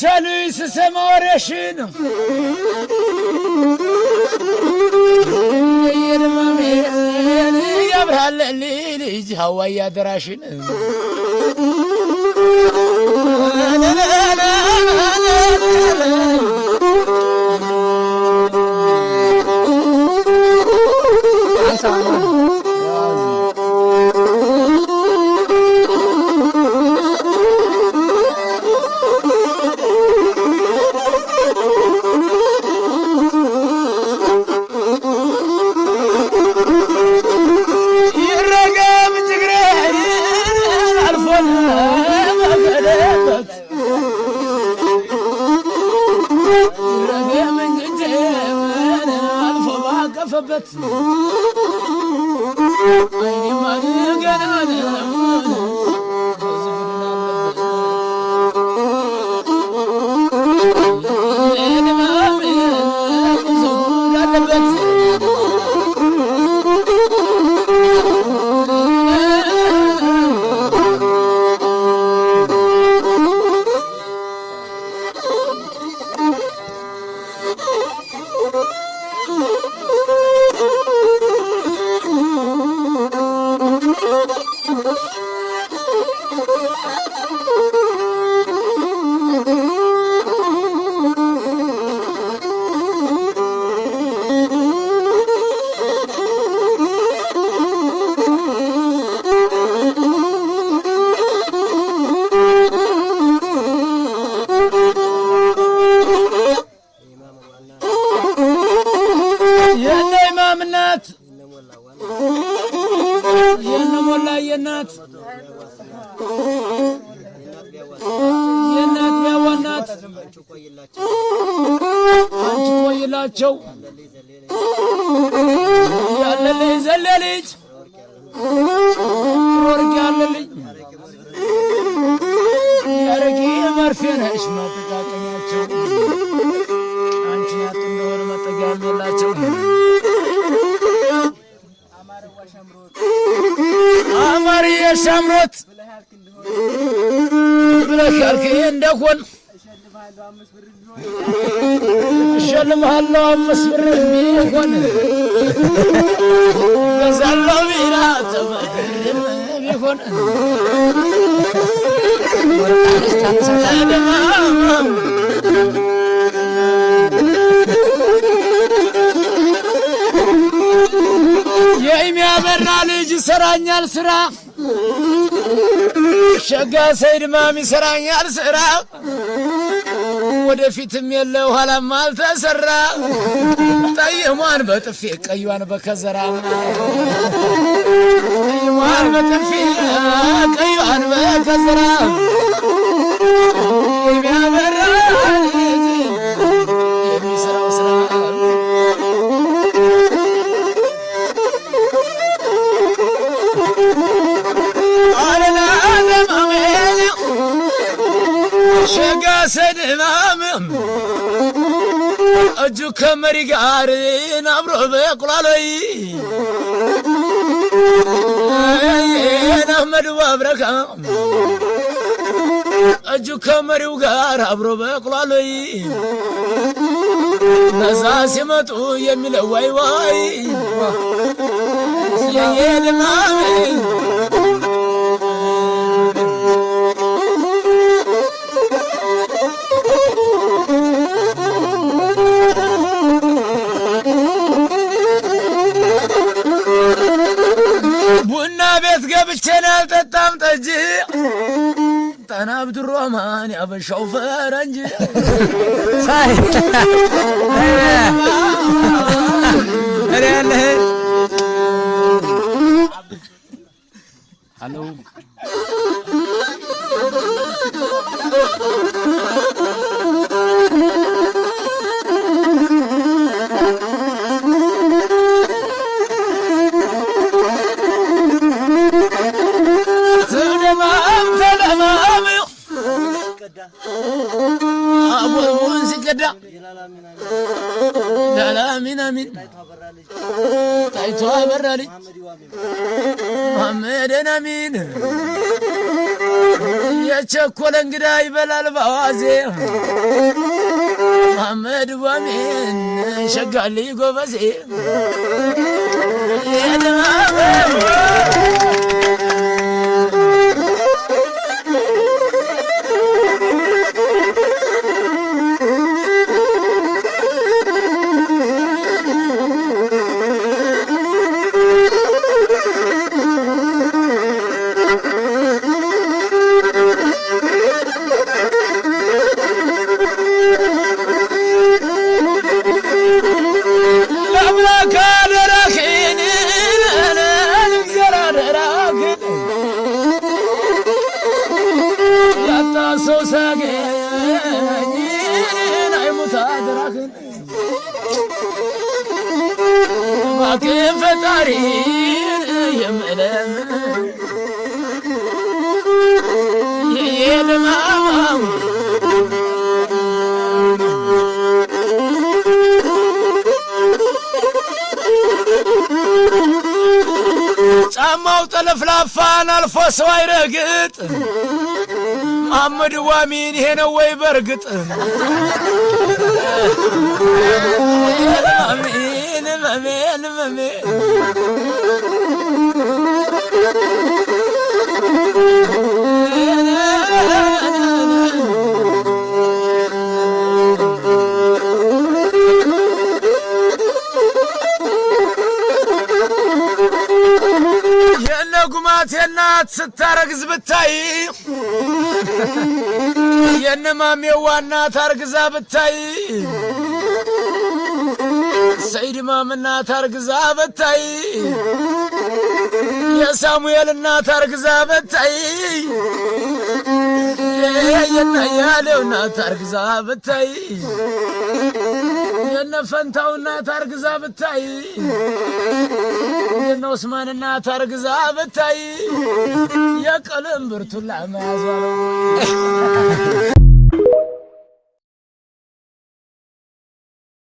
salut, c'est Samar la يا بهالليل يجي هوايا دراشن alfabet. Oh! የእናት የእናት ቢያዋናት አንቺ ቆይላቸው ያለልኝ ልጅ ዘለ ልጅ ወርቅ ያለ ልጅ ያረቂ መርፌ ነሽ ሞት ብለህ ካልክ ይሄ እንደሆን እሸልምሃለሁ አምስት ብር ቢሆን ገዛለሁ ቢራ ቢሆን የሚያበራ ልጅ ይሰራኛል ስራ ሸጋ ሰይድ ማም ይሰራኛል ስራ ወደፊትም የለ ኋላም አልተሰራ ጠይሟን በጥፊ ቀዩዋን በከዘራ ጠይሟን በጥፊ ቀዩዋን በከዘራ የራሰን ህማም እጁ ከመሪ ጋር ናብሮ በቁላሎይ ናመዱ ዋብረካ እጁ ከመሪው ጋር አብሮ በቁላሎይ ነዛ ሲመጡ የሚለው ዋይ ዋይ የየ عبد الرحمن يا بالشوفير انجي هلو ላላሚን አሚን ታይቶ አበራልኝ መሐመድን አሚን የቸኮለ እንግዳ ይበላል በአዋዜ መሐመድ ዋሚን ሸጋልኝ ጎበዜ አምላክ ፈጣሪ የምለምን ጫማው ጠለፍላፋን አልፎ ሰው አይረግጥ ዋሚን ይሄ ነው ወይ በርግጥ ልመሜን መሜ የነ ጉማቴ እናት ስታረግዝ ብታይ የነ ማሜዋ እናት አርግዛ ብታይ ሰይድማ እናት አርግዛ በታይ የሳሙኤል እናት አርግዛ በታይ የናያሌው እናት አርግዛ በታይ የነፈንታው እናት አርግዛ በታይ የነ ኡስማን እናት አርግዛ በታይ የቀለም ብርቱላ መያዟ